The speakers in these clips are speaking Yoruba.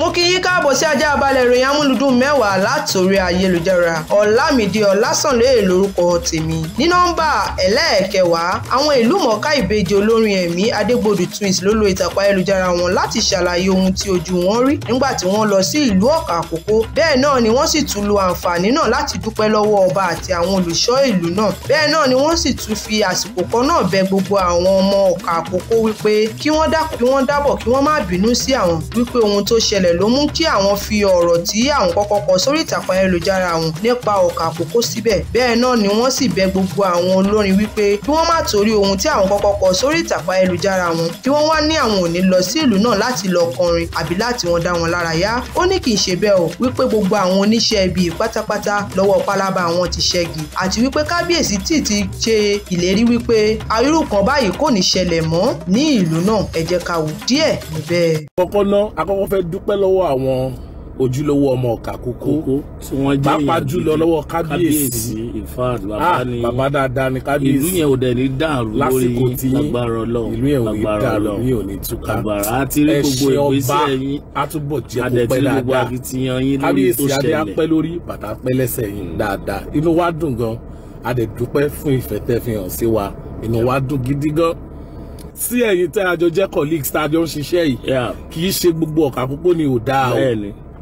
mo kí yín káàbọ̀ sí ajá balẹ̀ ìròyìn amúlùdùn mẹ́wàá látòrí ayélujára ọ̀làmídìí ọ̀làsànlẹ̀ lórúkọ tèmi ní nọ́mbà ẹlẹ́ẹ̀kẹwàá àwọn ìlú mọ̀ọ́ká ìbejì olórin ẹ̀mí adégbodù twins ló lo ìtàkùn ayélujára wọn láti ṣàlàyé ohun tí ojú wọn rí nígbà tí wọ́n lọ sí ìlú ọ̀kà àkókó bẹ́ẹ̀ náà ni wọ́n sì tún lo àǹfààní náà láti dúpẹ́ lọ́wọ́ ọba àti àwọn olùṣọ́ ni wọ́n sì tún fi àsìkò kan náà bẹ gbogbo àwọn ọmọ ọ̀kà àkókó wípé kí wọ́n dákun kí wọ́n ìṣẹ̀lẹ̀ ló mú kí àwọn fi ọ̀rọ̀ tí àwọn kọ́kọ́ kọ sórí ìtàkùn ayélujára àwọn nípa ọ̀kà àkókò síbẹ̀ bẹ́ẹ̀ náà ni wọ́n sì bẹ gbogbo àwọn olórin wípé kí wọ́n má torí ohun tí àwọn kọ́kọ́ kọ sórí ìtàkùn ayélujára àwọn kí wọ́n wá ní àwọn ò ní lọ sí ìlú náà láti lọ kọrin àbí láti wọn dá wọn lára yá ó ní kì í ṣe bẹ́ẹ̀ o wípé gbogbo àwọn oníṣẹ́ ibi pátápátá lọ́wọ́ pálábá àwọn ti ṣẹ́gi àti wípé kábíyèsí tì ti ṣe ìlérí wípé ayúrú kan báyìí kò ní ṣẹlẹ̀ mọ́ ní ìlú náà ẹ ká wò díẹ̀ dúpẹ́ lọ́wọ́ àwọn ojúlówó ọmọ ọ̀kà kókó pàápàá jùlọ lọ́wọ́ kábíyèsí ah, bàbá dáadáa ni kábíyèsí ìlú yẹn ò dẹ̀ ní dàrú lórí agbára ọlọ́run ìlú yẹn ò ní dàrú ní òní túká ẹ ṣé ọba àtúbọ̀ jẹ́ kó pẹ́ dáadáa kábíyèsí adé apẹ́ lórí bàtà apẹ́ lẹ́sẹ̀ yìí dáadáa inú wa dùn gan-an a dẹ̀ dúpẹ́ fún ìfẹ́ fi hàn sí wa inú wa dùn gidi gan sí ẹ̀yin tẹ́ àjọ jẹ́ colleagues tá a jọ ń ṣiṣẹ́ yìí kì í ṣe gbogbo ọ̀kà púpọ̀ ni ò dáa o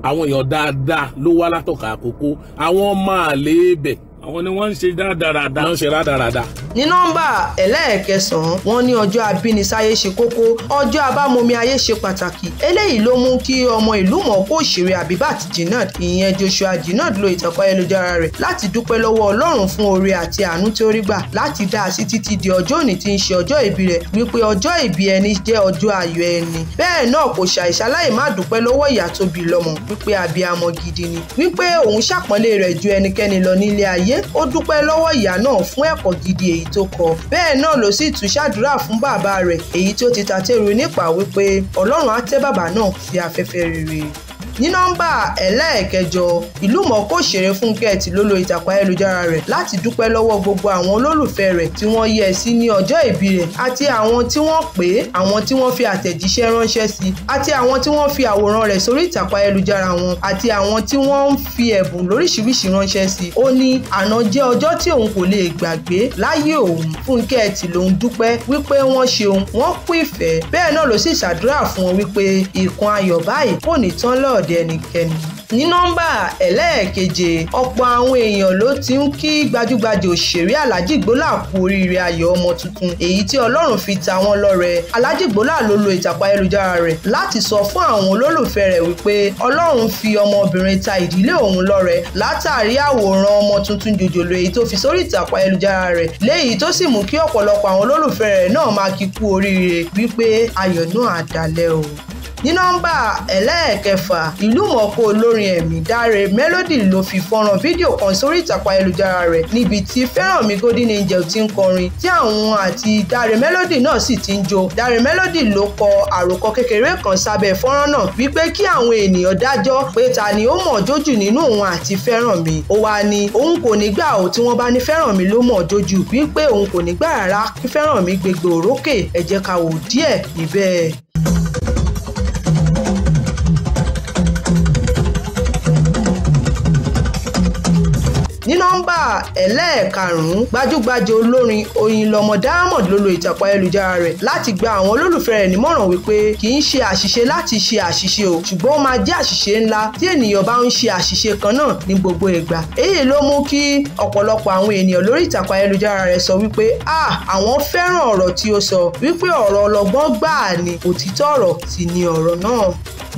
àwọn èèyàn dáadáa ló wá látọ̀kà àkókò àwọn ọmọ àlè bẹ̀ àwọn ni wọ́n ń ṣe dáradára. wọ́n ń ṣe rádaràda. ní nọ́mbà ẹlẹ́ẹ̀kẹsàn-án wọ́n ní ọjọ́ abínisáyé ṣe kókó ọjọ́ abámomi ayé ṣe pàtàkì eléyìí ló mú kí ọmọ ìlú mọ̀ọ́kọ òṣèré Abibat Jinad ìyẹn Joshua Jinad lo ìtàkùn ayélujára rẹ̀ láti dúpẹ́ lọ́wọ́ Ọlọ́run fún oore àti àánú tí ó rí gbà láti dá a sí títí di ọjọ́ òní tí ń ṣe ọjọ́ ìbí rẹ̀ wípé ọjọ́ ìbí ẹni jẹ́ ọjọ́ ayọ̀ ẹni bẹ́ẹ̀ náà kò ṣàìṣaláì má dúpẹ́ lọ́wọ́ ìyá tó bí lọ́mọ wípé abiyamọ gidi ni wípé òun ṣàpọ́nlé rẹ̀ ju ẹnikẹ́ni lọ nílé ayé ó dúpẹ́ lọ́wọ́ ìyá náà fún ẹ̀kọ́ gidi èyí tó kọ́ bẹ́ẹ̀ náà ló sì tún ṣàdúrà fún bàbá rẹ̀ èyí tó ti tàtẹ́rù nípa wípé ọlọ́run á tẹ́ bàbá náà sí afẹ́fẹ́ rere ní nọ́mbà ẹlẹ́ẹ̀kẹjọ ìlúmọ̀ọ́ká òṣèré Fúnkẹ́ Ẹ̀tì ló lo ìtàkùn ayélujára rẹ̀ láti dúpẹ́ lọ́wọ́ gbogbo àwọn olólùfẹ́ rẹ̀ tí wọ́n yẹ́ sí ní ọjọ́ ìbí rẹ̀ àti àwọn tí wọ́n pè é àwọn tí wọ́n fi àtẹ̀jíṣẹ́ ránṣẹ́ sí àti àwọn tí wọ́n fi àwòrán rẹ̀ sórí ìtàkùn ayélujára wọn àti àwọn tí wọ́n ń fi ẹ̀bùn lóríṣiríṣi ránṣẹ́ sí ó ní àná jẹ́ ọjọ́ tí òun kò lè gbàgbé láyé òun Fúnkẹ́ Ẹ̀tì lòun dúpẹ́ wípé wọ́n ṣeun wọ́n kú ìfẹ́ bẹ́ẹ̀ náà ló sì ṣàdúrà fún wọn wípé ìkan ayọ̀ báyìí kò ní tán lọ́ọ̀d ọ̀dẹ̀ ẹnikẹ́ni. ní nọ́mbà ẹlẹ́ẹ̀keje ọ̀pọ̀ àwọn èèyàn ló ti ń kí gbajúgbajà òṣèré Alhaji Gbola kú oríire ayọ̀ ọmọ tuntun èyí tí Ọlọ́run fi ta wọn lọ́rẹ Alhaji Gbola ló lo ìtàkùn ayélujára rẹ̀ láti sọ fún àwọn olólùfẹ́ rẹ̀ wípé Ọlọ́run fi ọmọbìnrin ta ìdílé òun lọ́rẹ látàrí àwòrán ọmọ tuntun jòjòló èyí tó fi sórí ìtàkùn ayélujára rẹ̀ léyìí tó sì mú kí ọ̀pọ̀lọpọ̀ àwọn olólùfẹ́ rẹ̀ náà máa kí oríire wípé ayọ̀ náà á dalẹ̀ o ní nọ́mbà ẹlẹ́ẹ̀kẹfà ìlúmọ̀ọ́ká olórin ẹ̀mí Dáre Melody ló fi fọ́nrán fídíò kan sórí ìtàkùn ayélujára rẹ̀ níbi tí Fẹ́rànmi Golden Angel ti ń kọrin tí àwọn àti Dáre Melody náà sì ti ń jó Dáre Melody ló kọ àròkọ kékeré kan sábẹ́ fọ́nrán náà wípé kí àwọn ènìyàn dájọ́ pé ta ni ó mọ̀ jójù nínú òun àti Fẹ́rànmi ó wá ní òun kò ní gbà ó tí wọ́n bá ní Fẹ́rànmi ló mọ̀ jójù wípé òun kò ní gbà rárá kí Fẹ́rànmi gbégbé òrókè ẹ jẹ́ ká wò díẹ̀ níbẹ̀. ní nọ́mbà ẹlẹ́ẹ̀karùn-ún gbajúgbajà olórin Oyinlọmọ Diamond ló lo ìtàkùn ayélujára rẹ̀ láti gba àwọn olólùfẹ́ rẹ̀ nímọ̀ràn wípé kì í ṣe àṣìṣe láti ṣe àṣìṣe o ṣùgbọ́n ó máa jẹ́ àṣìṣe ńlá tí ènìyàn bá ń ṣe àṣìṣe kan náà ní gbogbo ìgbà èyí ló mú kí ọ̀pọ̀lọpọ̀ àwọn ènìyàn lórí ìtàkùn ayélujára rẹ̀ sọ wípé ah àwọn fẹ́ràn ọ̀rọ̀ tí ó sọ wípé ọ̀rọ̀ ọlọ́gbọ́n gbáà ni òtítọ́ ọ̀rọ̀ sì ni ọ̀rọ̀ náà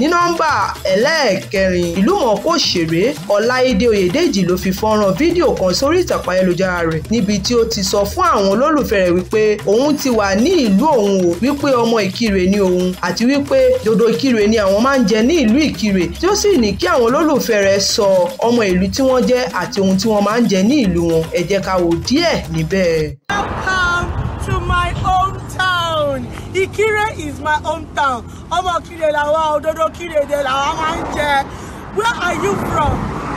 ní nọ́mbà ẹlẹ́ẹ̀kẹrin ìlúmọ̀ọ́ká òṣèré ọláìdé oyèdèjì ló fi fọ́nrán fídíò kan sórí ìtàkùn ayélujára rẹ̀ níbi tí ó ti sọ fún àwọn olólùfẹ́ rẹ̀ wípé òun ti wà ní ìlú òun o wípé ọmọ ìkirè ni òun àti wípé dodo ìkirè ni àwọn máa ń jẹ ní ìlú ìkirè tí ó sì ní kí àwọn olólùfẹ́ rẹ̀ sọ ọmọ ìlú tí wọ́n jẹ́ àti ohun tí wọ́n máa ń jẹ ní ìlú wọn ẹ ká wò díẹ̀ níbẹ̀. Ikire is my hometown ọmọ Ìkirè làwa òdodo Ìkirè dẹ̀ làwa máa ń jẹ where are you from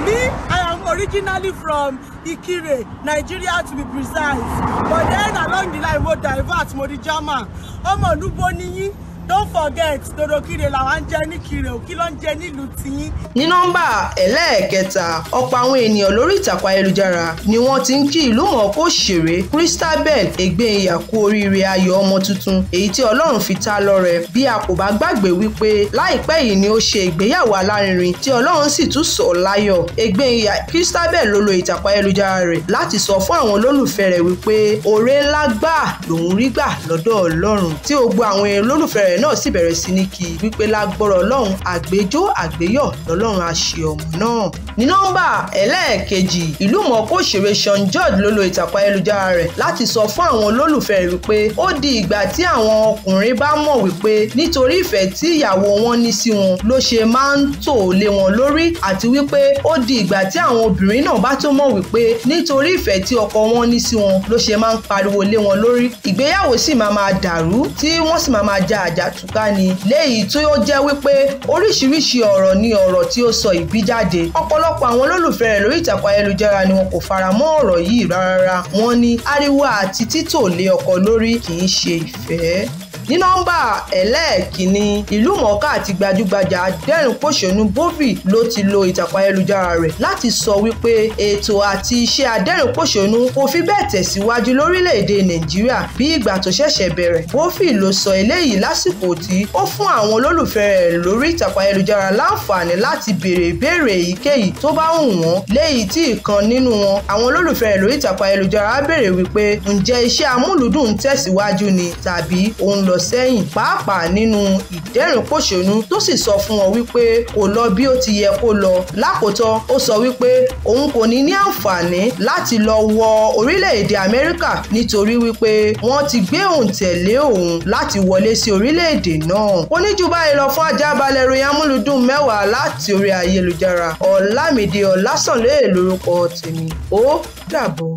me I am originally from Ikire, Nigeria to be precise but then along the line mo divert mo di German ọmọ olúgbó niyín don't forget dòdòkirè làwọn ń jẹ ní Kirè Òkí ló ń jẹ nílùú tiyín. ní nọ́mbà ẹlẹ́ẹ̀kẹta ọ̀pọ̀ àwọn ènìyàn lórí ìtàkùn ayélujára ni wọ́n ti ń kí ìlú mọ̀ọ́ká òṣèré Christabel Egbenya kú oríire ayọ̀ ọmọ tuntun èyí tí Ọlọ́run fi ta lọ́rẹ bí a kò bá gbàgbé wípé láìpẹ́ yìí ni ó ṣe ìgbéyàwó alárinrin tí Ọlọ́run sì tún sọ láyọ̀ Egbenya Christabel ló lo ìtàkùn ayélujára rẹ̀ láti sọ fún àwọn olólùfẹ́ rẹ̀ wípé oore ńlá gbà lòun rí gbà lọ́dọ̀ Ọlọ́run tí ó àwọn olólùfẹ́ rẹ̀ ọ̀rẹ́ náà sì bẹ̀rẹ̀ sí ní kí wípé lágbọ́rọ̀ ọlọ́run àgbéjó àgbéyọ̀ lọ́lọ́run àṣẹ ọ̀mù náà. ní nọ́mbà ẹlẹ́ẹ̀kejì ìlú mọ̀ọ́kọ́ òṣèré Sean George ló lo ìtàkùn ayélujára rẹ̀ láti sọ fún àwọn olólùfẹ́ rẹ̀ wípé ó di ìgbà tí àwọn ọkùnrin bá mọ̀ wípé nítorí ìfẹ́ tí ìyàwó wọn ní sí wọn ló ṣe máa ń tò lé wọn lórí àti wípé ó di ìgbà tí àwọn obìnrin náà bá tó mọ̀ wípé nítorí ìfẹ́ tí ọkọ wọn ní sí wọn ló ṣe máa ń pariwo lé wọn lórí ìgbéyàwó sì máa máa dàrú tí wọ́n sì máa máa ja àjà àdàtúká ni léyìí tí ó jẹ́ wípé oríṣiríṣi ọ̀rọ̀ ni ọ̀rọ̀ tí ó sọ ìbí jáde ọ̀pọ̀lọpọ̀ àwọn olólùfẹ́ rẹ̀ lórí ìtàkùn ayélujára ni wọn kò fara mọ́ ọ̀rọ̀ yìí rárá wọ́n ní ariwo àti títò lé ọkọ lórí kì í ṣe ìfẹ́ ní nọ́mbà ẹlẹ́ẹ̀kínní ìlú mọ̀ọ́ká àti gbajúgbajà adẹ́rìn-pòṣónú Bobby ló ti lo ìtàkùn ayélujára rẹ̀ láti sọ wípé ètò àti iṣẹ́ adẹ́rìn-pòṣónú kò fi bẹ́ẹ̀ tẹ̀síwájú lórílẹ̀‐èdè Nàìjíríà bí ìgbà tó ṣẹ̀ṣẹ̀ bẹ̀rẹ̀ Bobby ló sọ eléyìí lásìkò tí ó fún àwọn olólùfẹ́ rẹ̀ lórí ìtàkùn ayélujára láǹfààní láti béèrè ìbéèrè èyíkéyìí tó bá wù wọ́n léyìí tí ìkan nínú wọn àwọn olólùfẹ́ rẹ̀ lórí ìtàkùn sẹ́yìn pàápàá nínú ìdẹ́rìnpòṣónú tó sì sọ fún wọn wípé kò lọ bí ó ti yẹ kó lọ lákòótán ó sọ wípé òun kò ní ní àǹfààní láti lọ wọ orílẹ̀-èdè Amẹ́ríkà nítorí wípé wọ́n ti gbé òun tẹ̀lé òun láti wọlé sí orílẹ̀-èdè náà ó ní jù báyìí lọ fún ajábalẹ̀ ròyìn amúlùdùn mẹ́wàá láti orí ayélujára Ọlámídé Ọlásànlóye lórúkọ tèmi ó dàbọ̀.